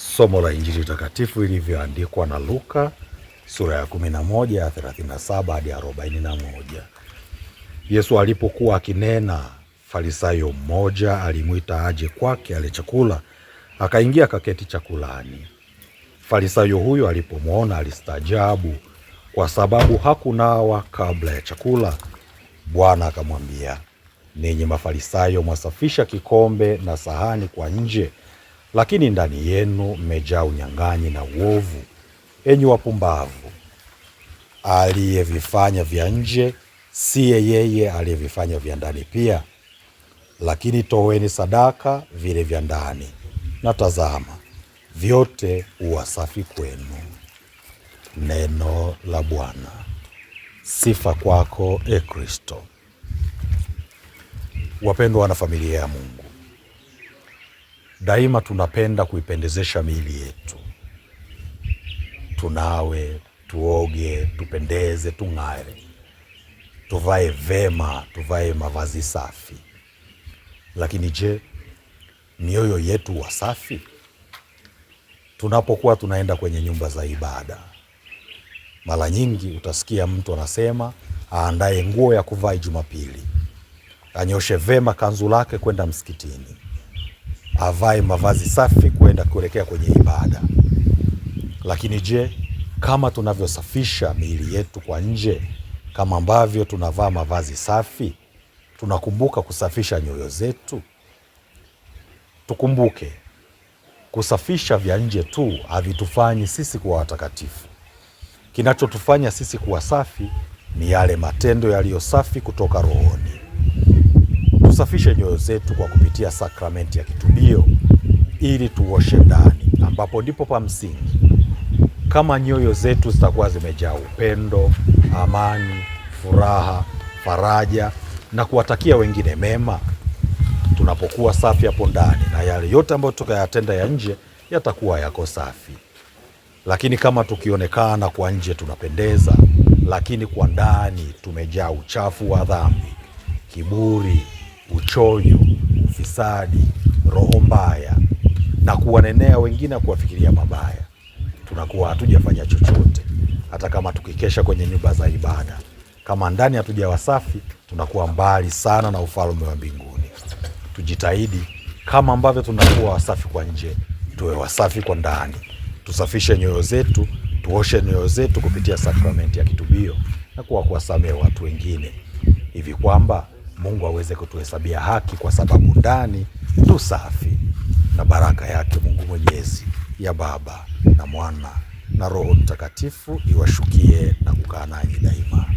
Somo la Injili takatifu ilivyoandikwa na Luka sura ya 11 37 hadi 41. Yesu alipokuwa akinena, Farisayo mmoja alimwita aje kwake ale chakula, akaingia kaketi chakulani. Farisayo huyo alipomwona alistaajabu, kwa sababu hakunawa kabla ya chakula. Bwana akamwambia, ninyi Mafarisayo mwasafisha kikombe na sahani kwa nje lakini ndani yenu mmejaa unyang'anyi na uovu. Enyi wapumbavu, aliyevifanya vya nje siye yeye aliyevifanya vya ndani pia. Lakini toweni sadaka vile vya ndani, na tazama, vyote uwasafi kwenu. Neno la Bwana. Sifa kwako, E Kristo. Wapendwa wanafamilia familia ya Mungu, Daima tunapenda kuipendezesha miili yetu, tunawe, tuoge, tupendeze, tung'are, tuvae vema, tuvae mavazi safi. Lakini je, mioyo yetu wasafi? Tunapokuwa tunaenda kwenye nyumba za ibada, mara nyingi utasikia mtu anasema aandae nguo ya kuvaa Jumapili, anyoshe vema kanzu lake kwenda msikitini avae mavazi safi kwenda kuelekea kwenye ibada. Lakini je, kama tunavyosafisha miili yetu kwa nje kama ambavyo tunavaa mavazi safi, tunakumbuka kusafisha nyoyo zetu. Tukumbuke kusafisha vya nje tu havitufanyi sisi kuwa watakatifu. Kinachotufanya sisi kuwa safi ni yale matendo yaliyo safi kutoka rohoni tusafishe nyoyo zetu kwa kupitia sakramenti ya kitubio ili tuoshe ndani, ambapo ndipo pa msingi. Kama nyoyo zetu zitakuwa zimejaa upendo, amani, furaha, faraja na kuwatakia wengine mema, tunapokuwa safi hapo ndani, na yale yote ambayo tukayatenda ya nje yatakuwa yako safi. Lakini kama tukionekana kwa nje tunapendeza, lakini kwa ndani tumejaa uchafu wa dhambi, kiburi uchoyo, ufisadi, roho mbaya na kuwanenea wengine na kuwafikiria mabaya. Tunakuwa hatujafanya chochote, hata kama tukikesha kwenye nyumba za ibada, kama ndani hatuja wasafi tunakuwa mbali sana na ufalme wa mbinguni. Tujitahidi kama ambavyo tunakuwa wasafi kwa nje, tuwe wasafi kwa ndani. Tusafishe nyoyo zetu, tuoshe nyoyo zetu kupitia sakramenti ya kitubio na kuwa kuwasamehe watu wengine hivi kwamba Mungu aweze kutuhesabia haki, kwa sababu ndani tu safi, na baraka yake Mungu Mwenyezi ya Baba na Mwana na Roho Mtakatifu iwashukie na kukaa nanyi daima.